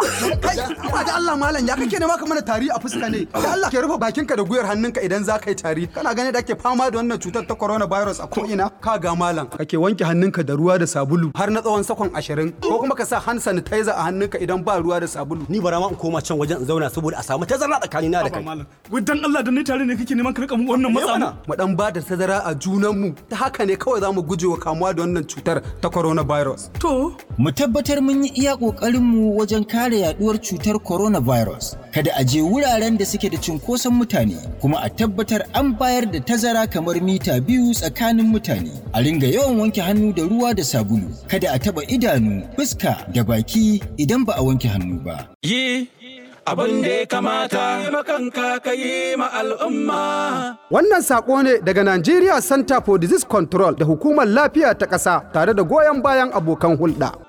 Kai, da Allah malam ya kake nema ka mana tari a fuska ne. Da Allah ke rufe bakinka da guyar hannunka idan za ka yi tari. Kana gane da ake fama da wannan cutar ta coronavirus a ko ina. Ka ga malam, kake wanke hannunka da ruwa da sabulu har na tsawon sakon ashirin. Ko kuma ka sa hand sanitizer a hannunka idan ba ruwa da sabulu. Ni bara ma in koma can wajen in zauna saboda a samu tazara tsakanina da kai. Gudan Allah da ni tare ne kake neman ka rika mu wannan matsala. Mu dan ba da tazara a junan mu. Ta haka ne kawai za mu wa kamuwa da wannan cutar ta coronavirus. To, mu tabbatar mun yi iya kokarin mu wajen kare kare yaduwar cutar coronavirus. Kada a je wuraren da suke da cunkoson mutane kuma a tabbatar an bayar da tazara kamar mita biyu tsakanin mutane. A ringa yawan wanke hannu da ruwa da sabulu. Kada a taba idanu, fuska da baki idan ba a wanke hannu ba. Yi abin da ya kamata makanka ka yi ma al'umma. Wannan sako ne daga Nigeria Center for Disease Control da Hukumar Lafiya ta ƙasa tare da goyon bayan abokan hulɗa.